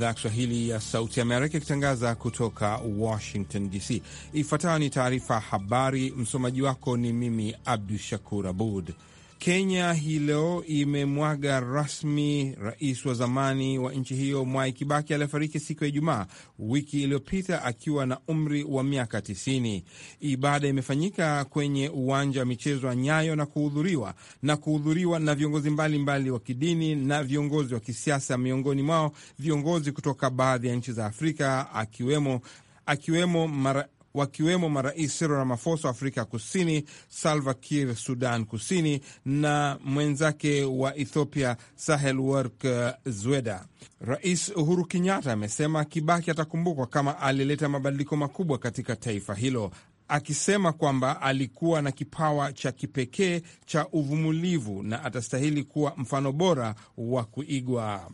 idhaa ya Kiswahili ya Sauti Amerika ikitangaza kutoka Washington DC. Ifuatayo ni taarifa habari, msomaji wako ni mimi Abdu Shakur Abud. Kenya hii leo imemwaga rasmi rais wa zamani wa nchi hiyo Mwai Kibaki aliyefariki siku ya Ijumaa wiki iliyopita akiwa na umri wa miaka 90. Ibada imefanyika kwenye uwanja wa michezo wa Nyayo na kuhudhuriwa na kuhudhuriwa na viongozi mbalimbali mbali wa kidini na viongozi wa kisiasa, miongoni mwao viongozi kutoka baadhi ya nchi za Afrika akiwemo akiwemo mara wakiwemo marais Cyril Ramaphosa wa Afrika Kusini, Salva Kiir Sudan Kusini na mwenzake wa Ethiopia Sahel Work uh, Zweda. Rais Uhuru Kenyatta amesema Kibaki atakumbukwa kama alileta mabadiliko makubwa katika taifa hilo, akisema kwamba alikuwa na kipawa cha kipekee cha uvumulivu na atastahili kuwa mfano bora wa kuigwa.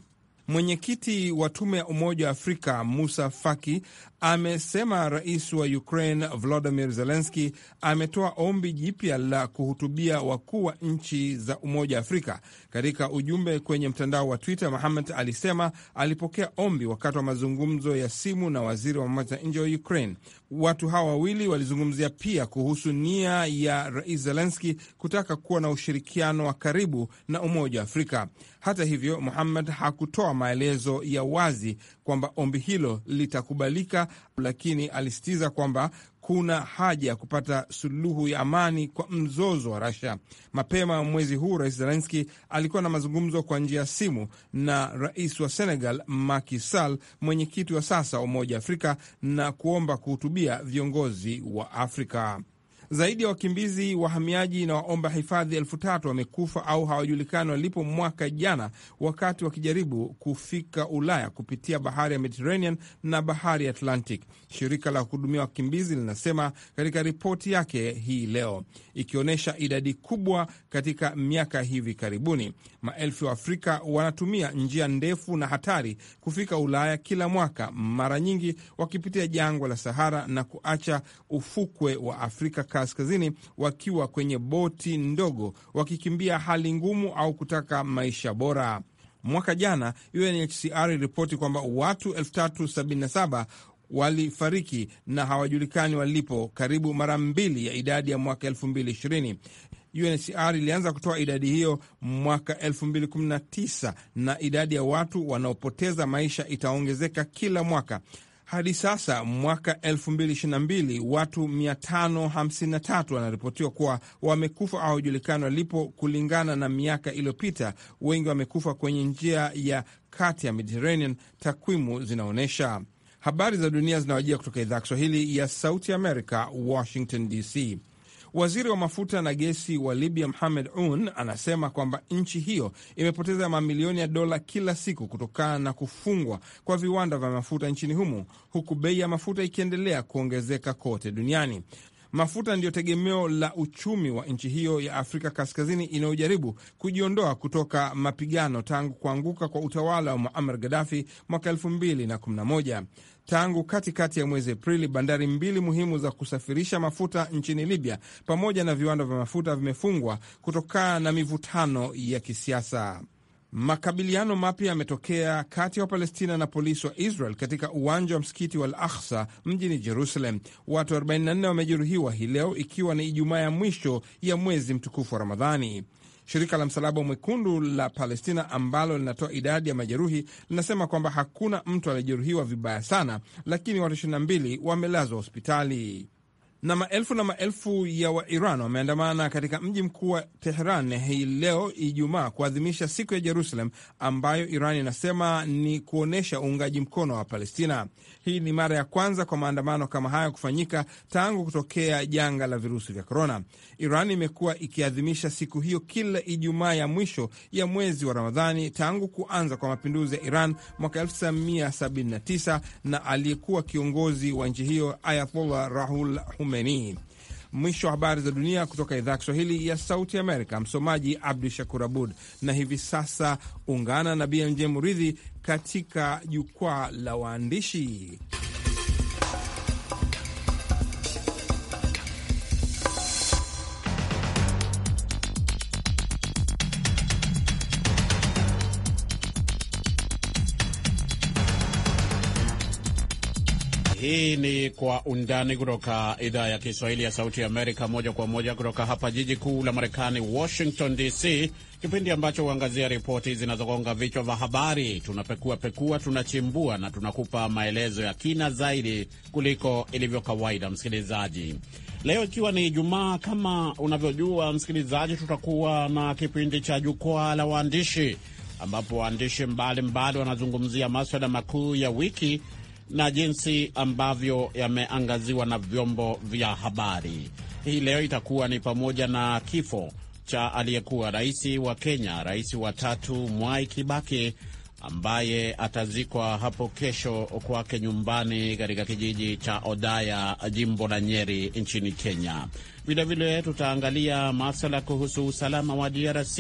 Mwenyekiti wa tume ya Umoja wa Afrika Musa Faki amesema rais wa Ukraine Volodymyr Zelensky ametoa ombi jipya la kuhutubia wakuu wa nchi za Umoja wa Afrika. Katika ujumbe kwenye mtandao wa Twitter, Mohamed alisema alipokea ombi wakati wa mazungumzo ya simu na waziri wa mambo ya nje wa Ukraine. Watu hawa wawili walizungumzia pia kuhusu nia ya rais Zelensky kutaka kuwa na ushirikiano wa karibu na Umoja wa Afrika. Hata hivyo, Mohamed hakutoa maelezo ya wazi kwamba ombi hilo litakubalika lakini alisitiza kwamba kuna haja ya kupata suluhu ya amani kwa mzozo wa rasia Mapema mwezi huu, Rais zelenski alikuwa na mazungumzo kwa njia ya simu na rais wa Senegal Macky Sall, mwenyekiti wa sasa wa Umoja wa Afrika, na kuomba kuhutubia viongozi wa Afrika. Zaidi ya wakimbizi, wahamiaji na waomba hifadhi elfu tatu wamekufa au hawajulikani walipo mwaka jana wakati wakijaribu kufika Ulaya kupitia bahari ya Mediterranean na bahari ya Atlantic, shirika la kuhudumia wakimbizi linasema katika ripoti yake hii leo, ikionyesha idadi kubwa katika miaka hivi karibuni. Maelfu ya Afrika wanatumia njia ndefu na hatari kufika Ulaya kila mwaka, mara nyingi wakipitia jangwa la Sahara na kuacha ufukwe wa Afrika kaskazini wakiwa kwenye boti ndogo wakikimbia hali ngumu au kutaka maisha bora. Mwaka jana UNHCR iliripoti kwamba watu 377 walifariki na hawajulikani walipo, karibu mara mbili ya idadi ya mwaka 2020. UNHCR ilianza kutoa idadi hiyo mwaka 2019 na idadi ya watu wanaopoteza maisha itaongezeka kila mwaka hadi sasa mwaka 2022 watu 553 wanaripotiwa kuwa wamekufa au hawajulikani walipo, kulingana na miaka iliyopita. Wengi wamekufa kwenye njia ya kati ya Mediterranean, takwimu zinaonyesha. Habari za dunia zinawajia kutoka idhaa ya Kiswahili ya Sauti Amerika, Washington DC. Waziri wa mafuta na gesi wa Libya Mohamed un anasema kwamba nchi hiyo imepoteza mamilioni ya dola kila siku kutokana na kufungwa kwa viwanda vya mafuta nchini humo, huku bei ya mafuta ikiendelea kuongezeka kote duniani. Mafuta ndiyo tegemeo la uchumi wa nchi hiyo ya Afrika Kaskazini inayojaribu kujiondoa kutoka mapigano tangu kuanguka kwa utawala wa Muammar Gaddafi mwaka 2011. Tangu katikati kati ya mwezi Aprili, bandari mbili muhimu za kusafirisha mafuta nchini Libya pamoja na viwanda vya mafuta vimefungwa kutokana na mivutano ya kisiasa. Makabiliano mapya yametokea kati ya Wapalestina na polisi wa Israel katika uwanja wa msikiti wa Al Aksa mjini Jerusalem. Watu 44 wamejeruhiwa hii leo, ikiwa ni Ijumaa ya mwisho ya mwezi mtukufu wa Ramadhani. Shirika la Msalaba Mwekundu la Palestina ambalo linatoa idadi ya majeruhi linasema kwamba hakuna mtu aliyejeruhiwa vibaya sana, lakini watu 22 wamelazwa hospitali. Na maelfu na maelfu ya Wairan wameandamana katika mji mkuu wa Tehran hii leo Ijumaa kuadhimisha siku ya Jerusalem ambayo Iran inasema ni kuonyesha uungaji mkono wa Palestina. Hii ni mara ya kwanza kwa maandamano kama hayo kufanyika tangu kutokea janga la virusi vya korona. Iran imekuwa ikiadhimisha siku hiyo kila Ijumaa ya mwisho ya mwezi wa Ramadhani tangu kuanza kwa mapinduzi ya Iran mwaka 1979 na aliyekuwa kiongozi wa nchi hiyo Ayatollah Rahul Mwisho wa habari za dunia kutoka idhaa ya Kiswahili ya Sauti Amerika. Msomaji Abdu Shakur Abud. Na hivi sasa ungana na BMJ Muridhi katika jukwaa la waandishi. Hii ni Kwa Undani kutoka idhaa ya Kiswahili ya Sauti ya Amerika, moja kwa moja kutoka hapa jiji kuu la Marekani, Washington DC, kipindi ambacho huangazia ripoti zinazogonga vichwa vya habari. Tunapekua pekua, tunachimbua na tunakupa maelezo ya kina zaidi kuliko ilivyo kawaida. Msikilizaji, leo ikiwa ni Ijumaa, kama unavyojua msikilizaji, tutakuwa na kipindi cha Jukwaa la Waandishi, ambapo waandishi mbalimbali wanazungumzia maswala makuu ya wiki na jinsi ambavyo yameangaziwa na vyombo vya habari. Hii leo itakuwa ni pamoja na kifo cha aliyekuwa rais wa Kenya, rais wa tatu Mwai Kibaki ambaye atazikwa hapo kesho kwake nyumbani katika kijiji cha Odaya, jimbo la Nyeri nchini Kenya. Vilevile tutaangalia masala kuhusu usalama wa DRC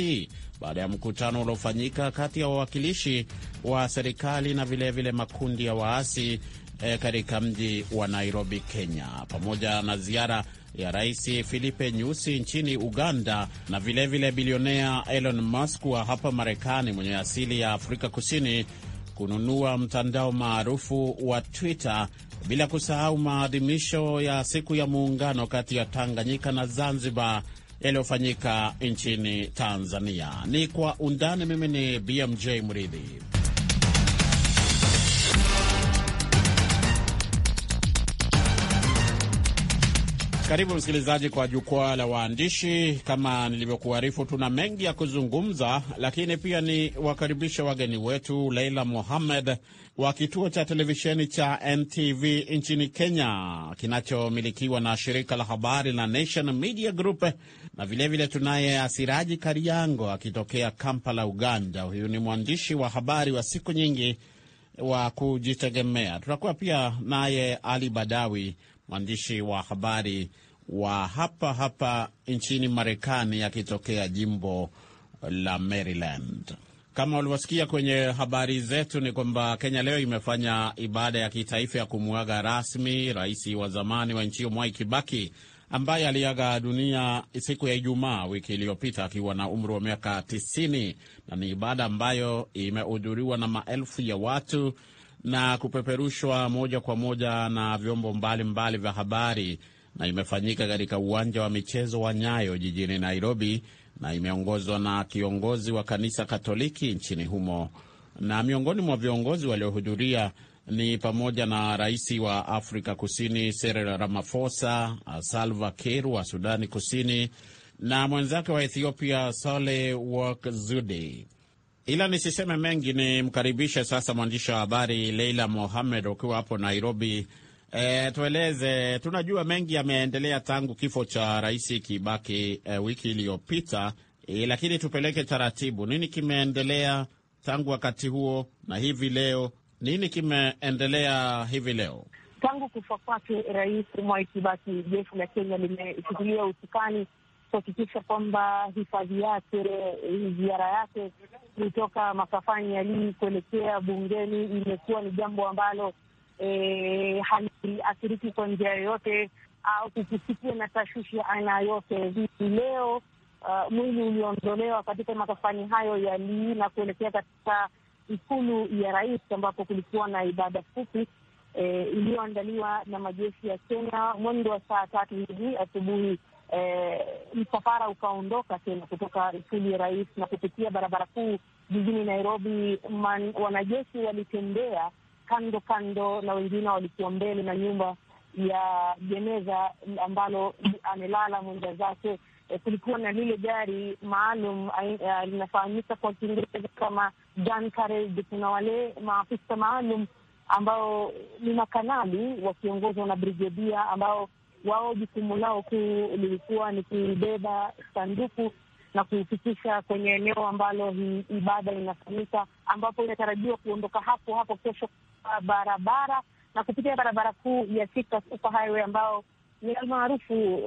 baada ya mkutano uliofanyika kati ya wawakilishi wa serikali na vilevile vile makundi ya waasi e, katika mji wa Nairobi, Kenya, pamoja na ziara ya Rais Filipe Nyusi nchini Uganda na vilevile vile bilionea Elon Musk wa hapa Marekani mwenye asili ya Afrika Kusini kununua mtandao maarufu wa Twitter bila kusahau maadhimisho ya siku ya muungano kati ya Tanganyika na Zanzibar yaliyofanyika nchini Tanzania. Ni kwa undani. Mimi ni BMJ Mridhi. Karibu msikilizaji kwa jukwaa la waandishi. Kama nilivyokuarifu, tuna mengi ya kuzungumza, lakini pia ni wakaribisha wageni wetu Leila Mohammed wa kituo cha televisheni cha NTV nchini Kenya kinachomilikiwa na shirika la habari la Nation Media Group, na vilevile tunaye Asiraji Kariango akitokea Kampala, Uganda. Huyu ni mwandishi wa habari wa siku nyingi wa kujitegemea. Tutakuwa pia naye Ali Badawi mwandishi wa habari wa hapa hapa nchini Marekani akitokea jimbo la Maryland. Kama ulivyosikia kwenye habari zetu, ni kwamba Kenya leo imefanya ibada ya kitaifa ya kumwaga rasmi rais wa zamani wa nchi hiyo Mwai Kibaki ambaye aliaga dunia siku ya Ijumaa wiki iliyopita akiwa na umri wa miaka 90, na ni ibada ambayo imehudhuriwa na maelfu ya watu na kupeperushwa moja kwa moja na vyombo mbalimbali vya habari na imefanyika katika uwanja wa michezo wa Nyayo jijini Nairobi na imeongozwa na kiongozi wa kanisa Katoliki nchini humo. Na miongoni mwa viongozi waliohudhuria ni pamoja na rais wa Afrika Kusini Cyril Ramaphosa, Salva Kiir wa Sudani Kusini na mwenzake wa Ethiopia Saleh Workzudi. Ila nisiseme mengi, nimkaribishe sasa mwandishi wa habari Leila Mohamed, ukiwa hapo Nairobi. E, tueleze, tunajua mengi yameendelea tangu kifo cha Rais Kibaki e, wiki iliyopita e, lakini tupeleke taratibu, nini kimeendelea tangu wakati huo na hivi leo? Nini kimeendelea hivi leo? Tangu kufa kwake Rais Mwai Kibaki, jeshi la Kenya limechukulia usukani kuhakikisha kwamba hifadhi yake, eh, ziara yake kutoka makafani ya Lii kuelekea bungeni imekuwa ni jambo ambalo e, haliathiriki kwa njia yoyote au kukusikia na tashwishi ya aina yote. Hii leo uh, mwili uliondolewa katika makafani hayo ya Lii na kuelekea katika ikulu ya rais ambapo kulikuwa na ibada fupi e, iliyoandaliwa na majeshi ya Kenya mwendo wa saa tatu hivi asubuhi eh, msafara ukaondoka tena kutoka ikulu ya rais na kupitia barabara kuu jijini Nairobi. Man, wanajeshi walitembea kando kando na wengine walikuwa mbele na nyumba ya jeneza ambalo amelala mwenja zake. E, kulikuwa na lile gari maalum eh, linafahamika kwa Kiingereza kama gun carriage. Kuna wale maafisa maalum ambao ni makanali wakiongozwa na brigedia ambao wao jukumu lao kuu lilikuwa ni kubeba sanduku na kuifikisha kwenye eneo ambalo ibada inafanyika, ambapo inatarajiwa kuondoka hapo hapo kesho kwa barabara na kupitia barabara kuu ya Thika Super Highway ambao ni almaarufu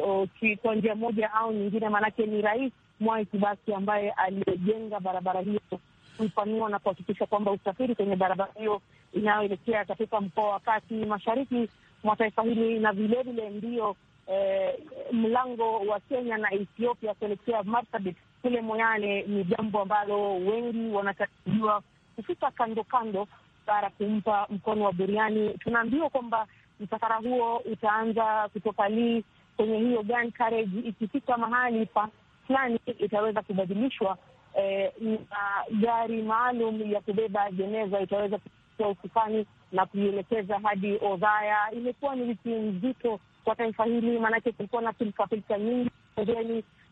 kwa njia moja au nyingine, maanake ni Rais Mwai Kibaki ambaye alijenga barabara hiyo kuipanua na kuhakikisha kwamba usafiri kwenye barabara hiyo inayoelekea katika mkoa wa kati mashariki mwa taifa hili na vilevile ndio eh, mlango wa Kenya na Ethiopia kuelekea Marsabit kule Moyale ni jambo ambalo wengi wanatarajiwa kufika kando kando bara kumpa mkono wa buriani. Tunaambiwa kwamba msafara huo utaanza kutoka Lii kwenye hiyo ikifika mahali pa fulani itaweza kubadilishwa eh, na gari maalum ya kubeba jeneza itaweza kufikia usukani na kuielekeza hadi Odhaya. Imekuwa ni wiki nzito kwa taifa hili, maanake kulikuwa na pilkapilka nyingi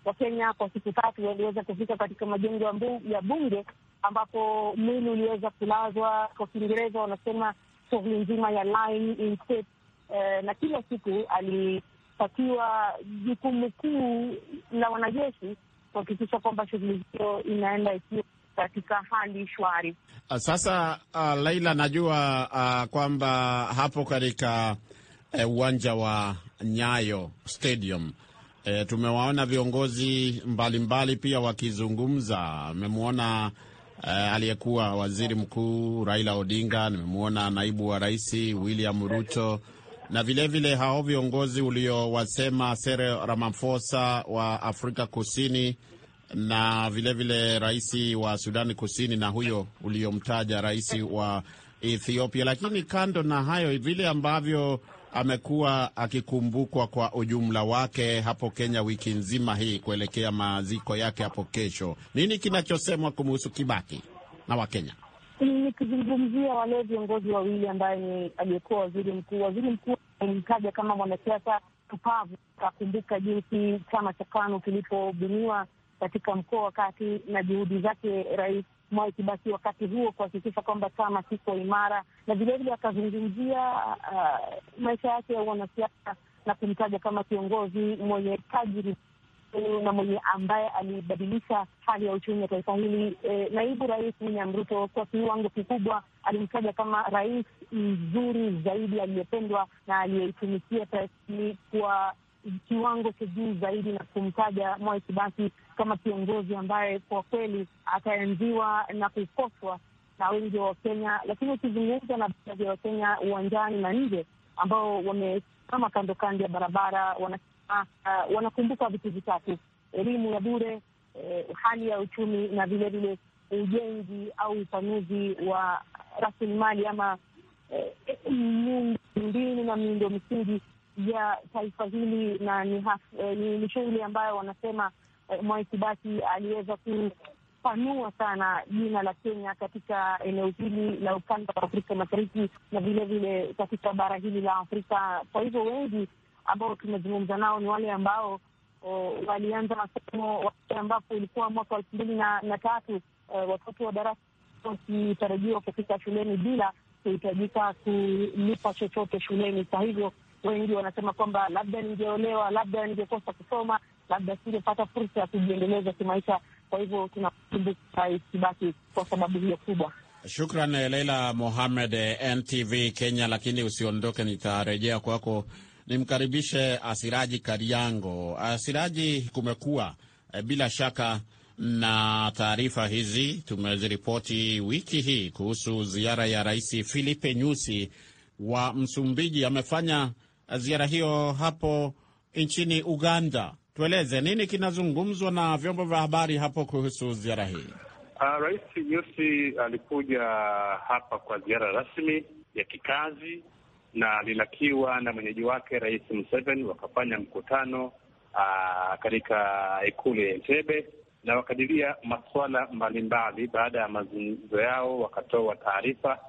wa kenya kwa siku tatu waliweza kufika katika majengo ya bunge ambapo mwili uliweza kulazwa. Kwa Kiingereza wanasema shughuli nzima ya lying in state, eh, na kila siku alipatiwa jukumu kuu la wanajeshi kuhakikisha kwamba shughuli hiyo inaenda ikiwa katika hali shwari. Ah, sasa uh, Laila, najua uh, kwamba hapo katika eh, uwanja wa Nyayo Stadium uh, tumewaona viongozi mbalimbali mbali pia wakizungumza. Nimemwona uh, aliyekuwa waziri mkuu Raila Odinga, nimemwona naibu wa rais William Ruto na vilevile vile hao viongozi uliowasema Cyril Ramaphosa wa Afrika Kusini na vilevile rais wa Sudani Kusini na huyo uliyomtaja rais wa Ethiopia. Lakini kando na hayo, vile ambavyo amekuwa akikumbukwa kwa ujumla wake hapo Kenya wiki nzima hii kuelekea maziko yake hapo kesho, nini kinachosemwa kumuhusu Kibaki na Wakenya? Nikizungumzia wale viongozi wawili ambaye ni aliyekuwa waziri mkuu, waziri mkuu alimtaja kama mwanasiasa tupavu, akakumbuka jinsi chama cha KANU kilipobuniwa katika mkoa wakati na juhudi zake Rais Mwai Kibaki wakati huo kuhakikisha kwamba chama kiko imara, na vilevile akazungumzia uh, maisha yake ya wanasiasa na kumtaja kama kiongozi mwenye tajiri na mwenye ambaye alibadilisha hali ya uchumi wa taifa hili. E, naibu rais William Ruto kwa kiwango kikubwa alimtaja kama rais mzuri zaidi aliyependwa na aliyeitumikia taifa hili kwa kiwango cha juu zaidi na kumtaja Mwai Kibaki kama kiongozi ambaye kwa kweli ataenziwa na kukoswa na wengi wa Wakenya, lakini ukizungumza na baadhi ya Wakenya uwanjani na nje ambao wamesimama kando kando ya barabara, wanasema uh, wanakumbuka vitu vitatu: elimu ya bure, eh, hali ya uchumi na vilevile ujenzi au upanuzi wa rasilimali ama eh, miundombinu eh, na miundo msingi ya taifa hili na ni, eh, ni, ni shughuli ambayo wanasema eh, Mwai Kibaki aliweza kupanua sana jina la Kenya katika eneo hili la ukanda wa Afrika Mashariki na vilevile katika bara hili la Afrika. Kwa hivyo wengi ambao tumezungumza nao ni wale ambao oh, walianza masomo ambapo ilikuwa mwaka wa elfu mbili na, na tatu eh, watoto wa darasa wakitarajiwa kufika shuleni bila kuhitajika kulipa chochote shuleni. Kwa hivyo Wengi wanasema kwamba labda ningeolewa, labda ningekosa kusoma, labda singepata fursa ya kujiendeleza kimaisha. Kwa hivyo tunakumbuka Kibaki kwa sababu hiyo kubwa. Shukran eh, Leila Mohamed, eh, NTV Kenya. Lakini usiondoke, nitarejea kwako. Nimkaribishe Asiraji Kariango. Asiraji, kumekuwa e, bila shaka na taarifa hizi tumeziripoti wiki hii kuhusu ziara ya Rais Filipe Nyusi wa Msumbiji. Amefanya ziara hiyo hapo nchini Uganda. Tueleze nini kinazungumzwa na vyombo vya habari hapo kuhusu ziara hii? Uh, Rais Nyusi alikuja hapa kwa ziara rasmi ya kikazi na alilakiwa na mwenyeji wake Rais Museveni, wakafanya mkutano uh, katika ikulu ya Entebbe na wakadiria masuala mbalimbali. Baada ya mazungumzo yao, wakatoa taarifa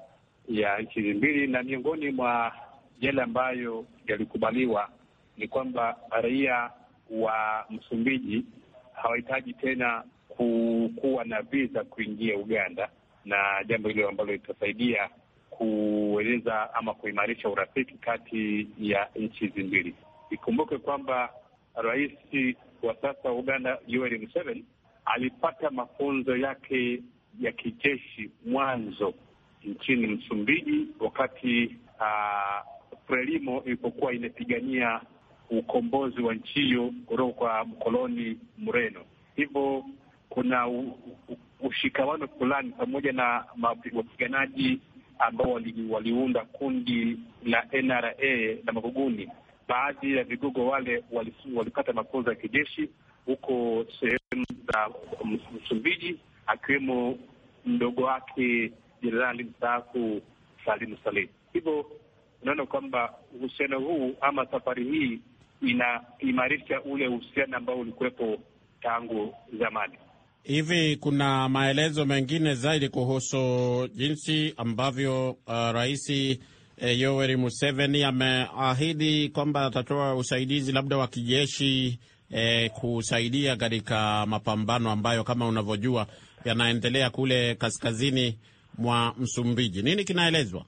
ya nchi mbili, na miongoni mwa yale ambayo yalikubaliwa ni kwamba raia wa Msumbiji hawahitaji tena kuwa na viza kuingia Uganda, na jambo hilo ambalo litasaidia kueleza ama kuimarisha urafiki kati ya nchi hizi mbili. Ikumbuke kwamba rais wa sasa wa Uganda Yoweri Museveni alipata mafunzo yake ya kijeshi mwanzo nchini Msumbiji wakati uh, Frelimo ilipokuwa imepigania ukombozi wa nchi hiyo kutoka kwa mkoloni Mreno. Hivyo kuna ushikamano fulani pamoja na wapiganaji ambao wali, waliunda kundi la NRA na Maguguni. Baadhi ya vigogo wale walipata mafunzo ya kijeshi huko sehemu za Msumbiji, akiwemo mdogo wake jenerali mstaafu salimu Salim. Hivyo unaona kwamba uhusiano huu ama safari hii inaimarisha ule uhusiano ambao ulikuwepo tangu zamani. Hivi kuna maelezo mengine zaidi kuhusu jinsi ambavyo uh, Rais eh, Yoweri Museveni ameahidi kwamba atatoa usaidizi labda wa kijeshi eh, kusaidia katika mapambano ambayo kama unavyojua yanaendelea kule kaskazini mwa Msumbiji. Nini kinaelezwa?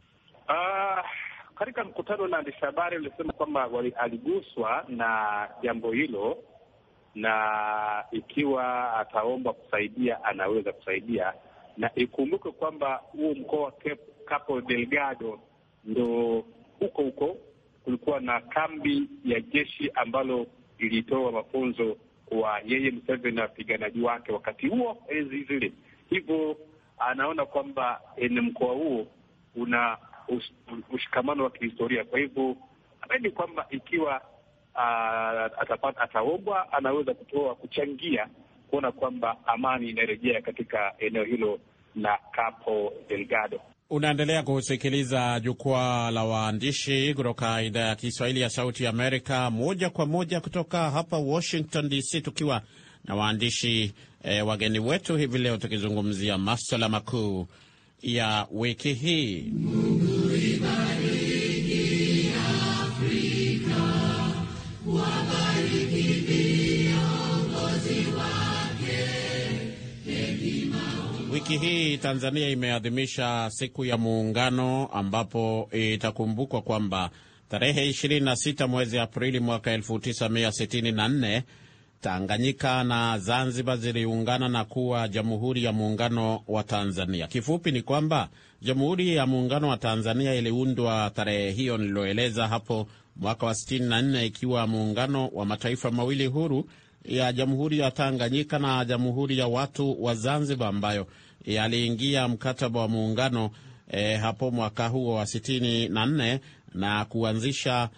Katika mkutano na andishi habari walisema kwamba aliguswa na jambo hilo, na ikiwa ataomba kusaidia anaweza kusaidia, na ikumbuke kwamba huu mkoa wa Capo Delgado ndo huko huko kulikuwa na kambi ya jeshi ambalo ilitoa mafunzo kwa yeye Museveni na wapiganaji wake wakati huo enzi zile. Hivyo anaona kwamba eh, mkoa huo una ushikamano wa kihistoria. Kwa hivyo ameni kwamba ikiwa uh, atapata ataombwa, anaweza kutoa kuchangia kuona kwamba amani inarejea katika eneo hilo la Cabo Delgado. Unaendelea kusikiliza jukwaa la waandishi kutoka idhaa ya Kiswahili ya Sauti Amerika, moja kwa moja kutoka hapa Washington DC, tukiwa na waandishi e, wageni wetu hivi leo tukizungumzia maswala makuu ya wiki hii. Wiki hii Tanzania imeadhimisha siku ya Muungano, ambapo itakumbukwa kwamba tarehe 26 mwezi Aprili mwaka 1964 Tanganyika na Zanzibar ziliungana na kuwa Jamhuri ya Muungano wa Tanzania. Kifupi ni kwamba Jamhuri ya Muungano wa Tanzania iliundwa tarehe hiyo niliyoeleza hapo mwaka wa 64 ikiwa muungano wa mataifa mawili huru ya Jamhuri ya Tanganyika na Jamhuri ya Watu wa Zanzibar ambayo yaliingia mkataba wa muungano e, hapo mwaka huo wa sitini na nne na kuanzisha a,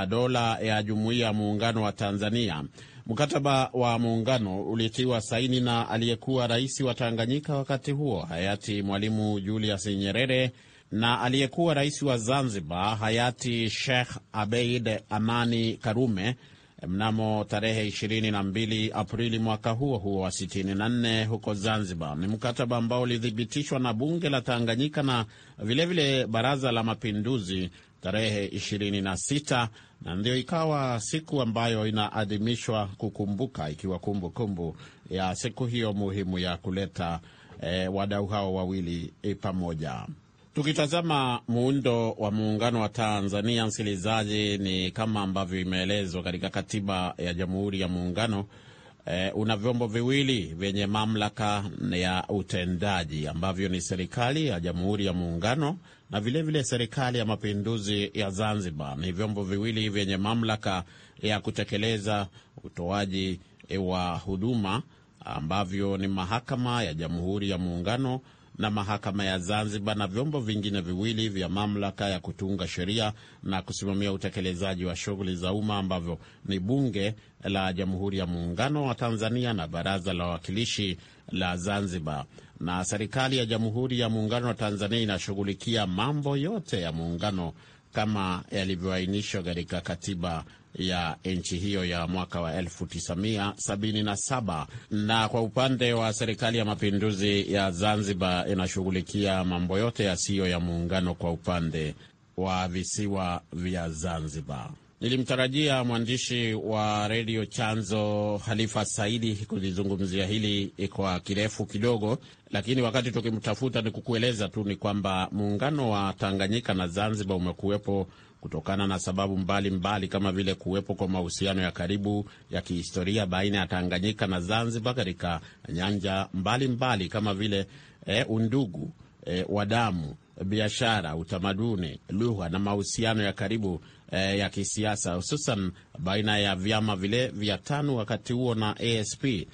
ah, dola ya jumuiya ya muungano wa Tanzania. Mkataba wa muungano ulitiwa saini na aliyekuwa rais wa Tanganyika wakati huo hayati Mwalimu Julius Nyerere na aliyekuwa rais wa Zanzibar hayati Sheikh Abeid Amani Karume mnamo tarehe 22 Aprili mwaka huo huo wa 64 huko Zanzibar. Ni mkataba ambao ulithibitishwa na bunge la Tanganyika na vilevile vile baraza la mapinduzi tarehe 26 na ndio ikawa siku ambayo inaadhimishwa kukumbuka, ikiwa kumbukumbu kumbu ya siku hiyo muhimu ya kuleta eh, wadau hao wawili eh, pamoja. Tukitazama muundo wa muungano wa Tanzania, msikilizaji, ni kama ambavyo imeelezwa katika katiba ya Jamhuri ya Muungano. Eh, una vyombo viwili vyenye mamlaka ya utendaji ambavyo ni serikali ya Jamhuri ya Muungano na vilevile vile serikali ya Mapinduzi ya Zanzibar. Ni vyombo viwili vyenye mamlaka ya kutekeleza utoaji eh, wa huduma ambavyo ni mahakama ya Jamhuri ya Muungano na mahakama ya Zanzibar na vyombo vingine viwili vya mamlaka ya kutunga sheria na kusimamia utekelezaji wa shughuli za umma ambavyo ni Bunge la Jamhuri ya Muungano wa Tanzania na Baraza la Wawakilishi la Zanzibar. Na serikali ya Jamhuri ya Muungano wa Tanzania inashughulikia mambo yote ya muungano kama yalivyoainishwa katika katiba ya nchi hiyo ya mwaka wa 1977 na kwa upande wa serikali ya mapinduzi ya Zanzibar inashughulikia mambo yote yasiyo ya muungano kwa upande wa visiwa vya Zanzibar. Nilimtarajia mwandishi wa redio Chanzo Halifa Saidi kulizungumzia hili kwa kirefu kidogo, lakini wakati tukimtafuta, ni kukueleza tu ni kwamba muungano wa Tanganyika na Zanzibar umekuwepo kutokana na sababu mbalimbali mbali kama vile kuwepo kwa mahusiano ya karibu ya kihistoria baina ya Tanganyika na Zanzibar katika nyanja mbalimbali mbali kama vile e, undugu e, wa damu, biashara, utamaduni, lugha na mahusiano ya karibu e, ya kisiasa hususan baina ya vyama vile vya TANU wakati huo na ASP. E,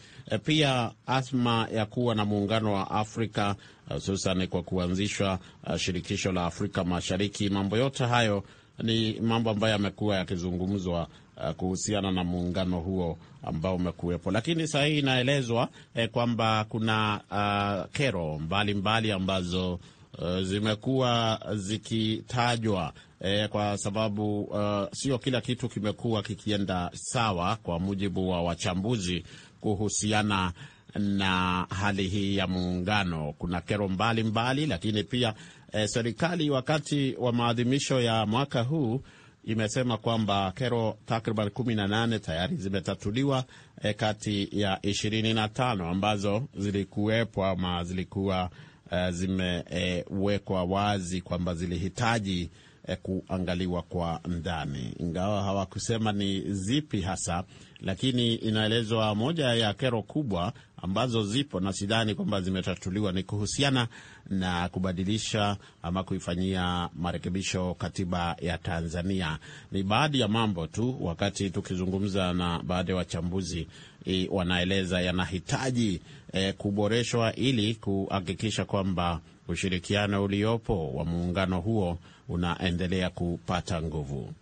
pia azma ya kuwa na muungano wa Afrika hususan kwa kuanzishwa shirikisho la Afrika Mashariki. Mambo yote hayo ni mambo ambayo yamekuwa yakizungumzwa uh, kuhusiana na muungano huo ambao umekuwepo, lakini saa hii inaelezwa eh, kwamba kuna uh, kero mbalimbali mbali ambazo uh, zimekuwa zikitajwa eh, kwa sababu uh, sio kila kitu kimekuwa kikienda sawa kwa mujibu wa wachambuzi kuhusiana na hali hii ya muungano. Kuna kero mbalimbali mbali, lakini pia E, serikali wakati wa maadhimisho ya mwaka huu imesema kwamba kero takriban kumi na nane tayari zimetatuliwa e, kati ya ishirini na tano ambazo zilikuwepo ama zilikuwa e, zimewekwa e, wazi kwamba zilihitaji Eh, kuangaliwa kwa ndani, ingawa hawakusema ni zipi hasa, lakini inaelezwa moja ya kero kubwa ambazo zipo na sidhani kwamba zimetatuliwa ni kuhusiana na kubadilisha ama kuifanyia marekebisho katiba ya Tanzania. Ni baadhi ya mambo tu, wakati tukizungumza na baadhi ya wachambuzi e, wanaeleza yanahitaji e, kuboreshwa ili kuhakikisha kwamba ushirikiano uliopo wa muungano huo unaendelea kupata nguvu.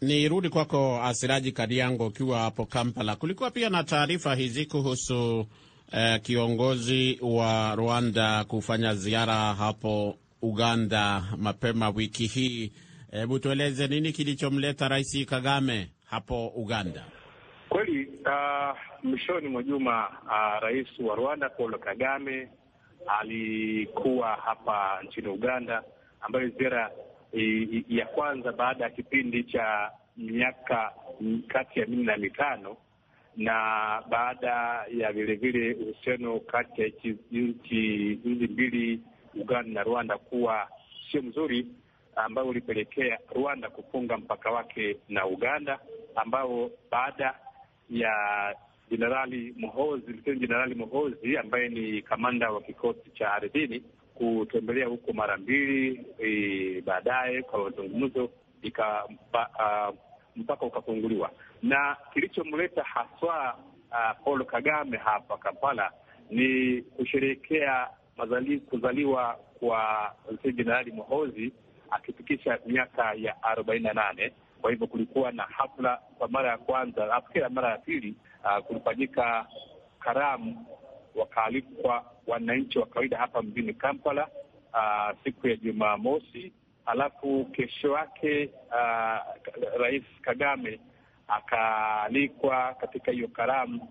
Nirudi kwako Asiraji Kadiango, ukiwa hapo Kampala. Kulikuwa pia na taarifa hizi kuhusu eh, kiongozi wa Rwanda kufanya ziara hapo Uganda mapema wiki hii. Hebu tueleze nini kilichomleta Rais Kagame hapo Uganda? Kweli uh, mwishoni mwa juma uh, rais wa Rwanda Paul Kagame alikuwa hapa nchini Uganda, ambayo ziara ya kwanza baada ya kipindi cha miaka kati ya minne na mitano na baada ya vilevile uhusiano kati ya nchi hizi mbili Uganda na Rwanda kuwa sio mzuri, ambao ulipelekea Rwanda kufunga mpaka wake na Uganda, ambao baada ya Jenerali Muhozi, Luteni Jenerali Muhozi ambaye ni kamanda wa kikosi cha ardhini kutembelea huko mara mbili e, baadaye kwa mazungumzo mpaka ukafunguliwa. Na kilichomleta haswa uh, Paul Kagame hapa Kampala ni kusherehekea mazali, kuzaliwa kwa Jenerali mohozi akifikisha miaka ya arobaini na nane. Kwa hivyo kulikuwa na hafla kwa mara ya kwanza, nafikiri mara ya pili uh, kulifanyika karamu, wakaalikwa wananchi wa kawaida hapa mjini Kampala uh, siku ya Jumamosi, alafu kesho yake uh, Rais Kagame akaalikwa katika hiyo karamu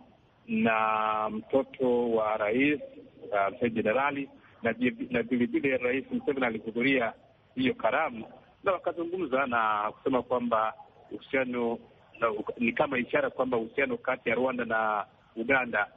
na mtoto wa rais uh, msee jenerali na vilevile Rais Museveni alihudhuria hiyo karamu na wakazungumza na kusema kwamba uhusiano ni kama ishara kwamba uhusiano kati ya Rwanda na Uganda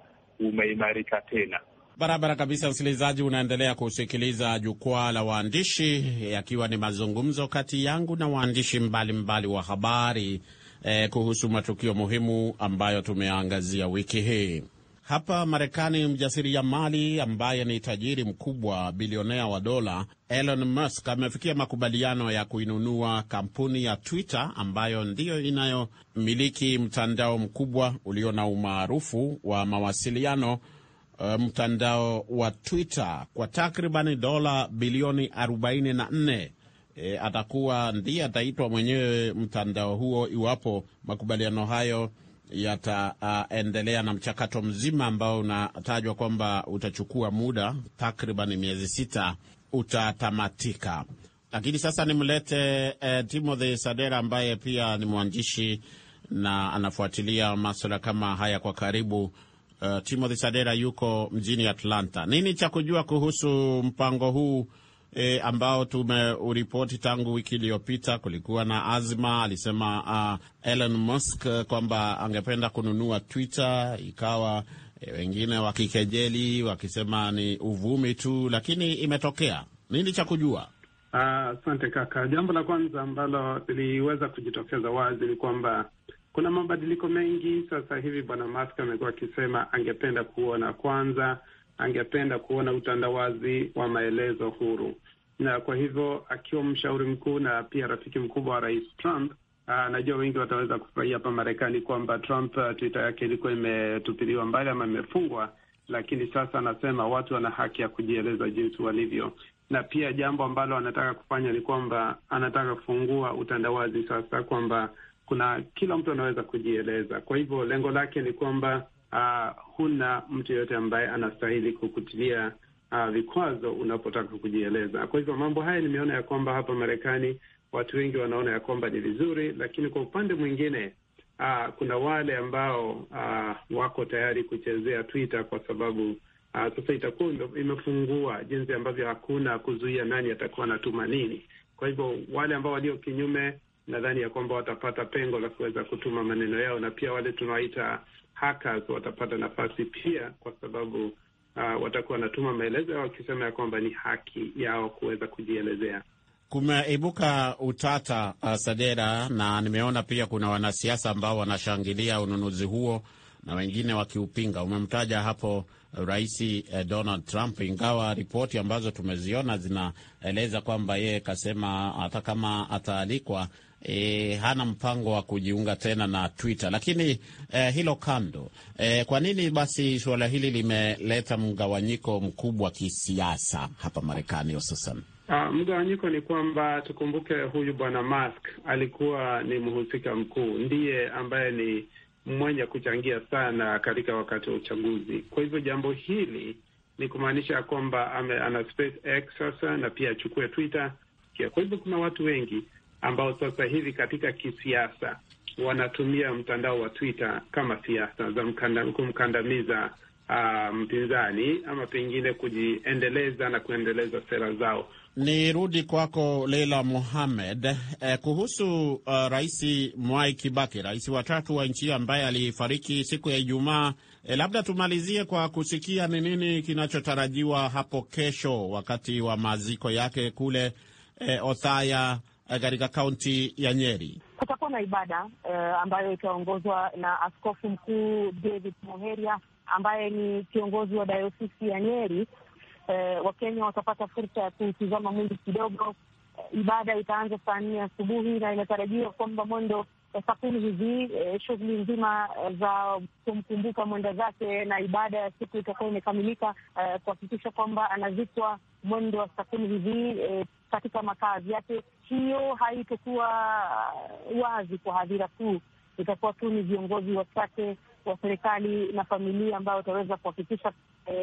umeimarika tena. Barabara kabisa, msikilizaji, unaendelea kusikiliza jukwaa la waandishi, yakiwa ni mazungumzo kati yangu na waandishi mbalimbali mbali wa habari eh, kuhusu matukio muhimu ambayo tumeangazia wiki hii. Hapa Marekani, mjasiriamali ambaye ni tajiri mkubwa, bilionea wa dola, Elon Musk amefikia makubaliano ya kuinunua kampuni ya Twitter ambayo ndiyo inayomiliki mtandao mkubwa ulio na umaarufu wa mawasiliano Eh, mtandao wa Twitter kwa takribani dola bilioni 44. E, eh, atakuwa ndiye ataitwa mwenyewe mtandao huo iwapo makubaliano hayo yataendelea uh, na mchakato mzima ambao unatajwa kwamba utachukua muda takriban miezi sita utatamatika. Lakini sasa nimlete uh, Timothy Sadera ambaye pia ni mwandishi na anafuatilia maswala kama haya kwa karibu. Eh, Timothy Sadera yuko mjini Atlanta. Nini cha kujua kuhusu mpango huu e, ambao tumeuripoti tangu wiki iliyopita? Kulikuwa na azma, alisema uh, Elon Musk kwamba angependa kununua Twitter, ikawa e, wengine wakikejeli wakisema ni uvumi tu, lakini imetokea. Nini cha kujua? Ah, asante uh, kaka. Jambo la kwanza ambalo liliweza kujitokeza wazi ni kwamba kuna mabadiliko mengi sasa hivi. Bwana Musk amekuwa akisema angependa kuona kwanza, angependa kuona utandawazi wa maelezo huru, na kwa hivyo akiwa mshauri mkuu na pia rafiki mkubwa wa rais Trump, ah, najua wengi wataweza kufurahia hapa Marekani kwamba Trump ah, Twitter yake ilikuwa imetupiliwa mbali ama imefungwa, lakini sasa anasema watu wana haki ya kujieleza jinsi walivyo na pia jambo ambalo anataka kufanya ni kwamba anataka kufungua utandawazi sasa, kwamba kuna kila mtu anaweza kujieleza. Kwa hivyo lengo lake ni kwamba uh, huna mtu yeyote ambaye anastahili kukutilia uh, vikwazo unapotaka kujieleza. Kwa hivyo mambo haya nimeona ya kwamba hapa Marekani watu wengi wanaona ya kwamba ni vizuri, lakini kwa upande mwingine uh, kuna wale ambao uh, wako tayari kuchezea Twitter kwa sababu Uh, sasa itakuwa imefungua jinsi ambavyo hakuna kuzuia nani atakuwa anatuma nini. Kwa hivyo wale ambao walio kinyume nadhani ya kwamba watapata pengo la kuweza kutuma maneno yao, na pia wale tunawaita hackers watapata nafasi pia, kwa sababu uh, watakuwa wanatuma maelezo yao wakisema ya kwamba ni haki yao kuweza kujielezea. Kumeibuka utata uh, Sadera, na nimeona pia kuna wanasiasa ambao wanashangilia ununuzi huo na wengine wakiupinga. Umemtaja hapo Rais eh, Donald Trump, ingawa ripoti ambazo tumeziona zinaeleza kwamba yeye kasema hata kama ataalikwa e, hana mpango wa kujiunga tena na Twitter. Lakini e, hilo kando, e, kwa nini basi suala hili limeleta mgawanyiko mkubwa kisiasa hapa Marekani hususan? Uh, mgawanyiko ni kwamba tukumbuke, huyu bwana Musk alikuwa ni mhusika mkuu, ndiye ambaye ni mwenye kuchangia sana katika wakati wa uchaguzi. Kwa hivyo jambo hili ni kumaanisha kwamba ana SpaceX sasa na pia achukue Twitter. Kwa hivyo kuna watu wengi ambao sasa hivi katika kisiasa wanatumia mtandao wa Twitter kama siasa za kumkandamiza uh, mpinzani ama pengine kujiendeleza na kuendeleza sera zao. Ni rudi kwako Leila Mohamed eh, kuhusu uh, Rais Mwai Kibaki, rais wa tatu wa nchi ambaye alifariki siku ya Ijumaa. Eh, labda tumalizie kwa kusikia ni nini kinachotarajiwa hapo kesho wakati wa maziko yake kule eh, Othaya Eh, katika kaunti ya Nyeri. Kutakuwa na ibada uh, ambayo itaongozwa na askofu mkuu David Muheria ambaye ni kiongozi wa dayosisi ya Nyeri. Uh, Wakenya watapata fursa ya kutizama mwili kidogo. Uh, ibada itaanza saa nne asubuhi na inatarajiwa kwamba mwendo sakuni hizi eh, shughuli nzima za kumkumbuka mwenda zake na ibada ya siku itakuwa imekamilika, eh, kuhakikisha kwamba anazikwa mwendo wa sakuni hizi eh, katika makazi yake. Hiyo haitokuwa wazi kwa hadhira kuu, itakuwa tu ni viongozi wachache wa serikali na familia ambayo itaweza kuhakikisha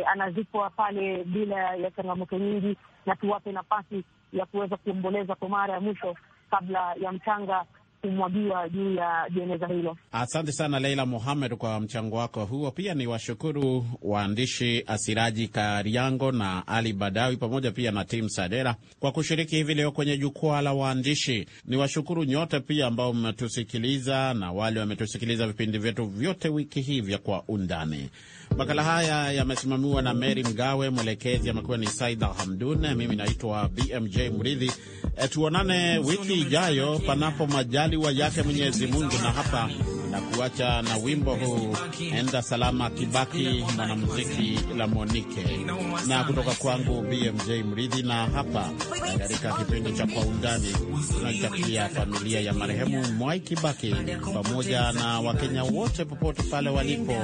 anazikwa pale bila ya changamoto nyingi, na tuwape nafasi ya kuweza kuomboleza kwa mara ya mwisho kabla ya mchanga kumwagiwa juu ya jeneza hilo. Asante sana Leila Mohamed kwa mchango wako huo. Pia ni washukuru waandishi Asiraji Kariango na Ali Badawi pamoja pia na Tim Sadera kwa kushiriki hivi leo kwenye jukwaa la waandishi. Ni washukuru nyote pia ambao mmetusikiliza na wale wametusikiliza vipindi vyetu vyote wiki hii vya Kwa Undani. Makala haya yamesimamiwa na Mary Mgawe, mwelekezi amekuwa ni Saida Hamdun, mimi naitwa BMJ Mridhi. E, tuonane wiki ijayo, panapo majaliwa yake Mwenyezi Mungu, na hapa na kuacha na wimbo huu enda salama Kibaki, mwanamuziki la Monike, na kutoka kwangu BMJ Mridhi. Na hapa katika kipindi cha Kwa Undani tunaitakia familia ya marehemu Mwai Kibaki pamoja na Wakenya wote popote pale walipo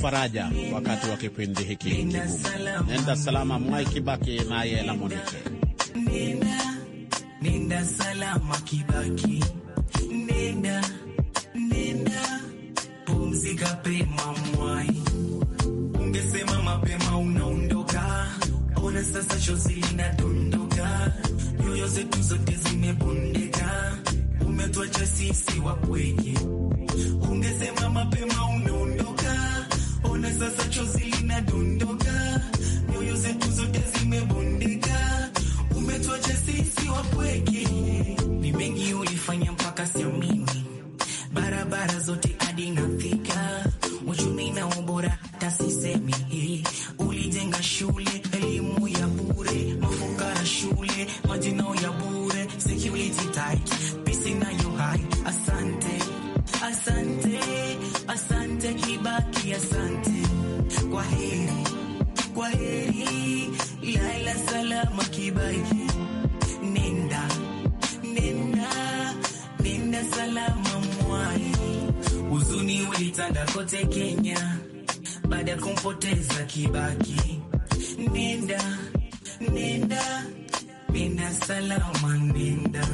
faraja wakati wa kipindi hiki kigumu. Nenda salama Mwai Kibaki naye la Monike. Nenda, nenda salama Kibaki mapema mwai, ungesema mapema unaondoka. Ona sasa chozi linadondoka, nyoyo zetu zote zimebondeka, umetuacha sisi wapweke. Ungesema mapema unaondoka, ona sasa chozi linadondoka kote Kenya baada ya kumpoteza Kibaki. Nenda nenda, nenda salama, nenda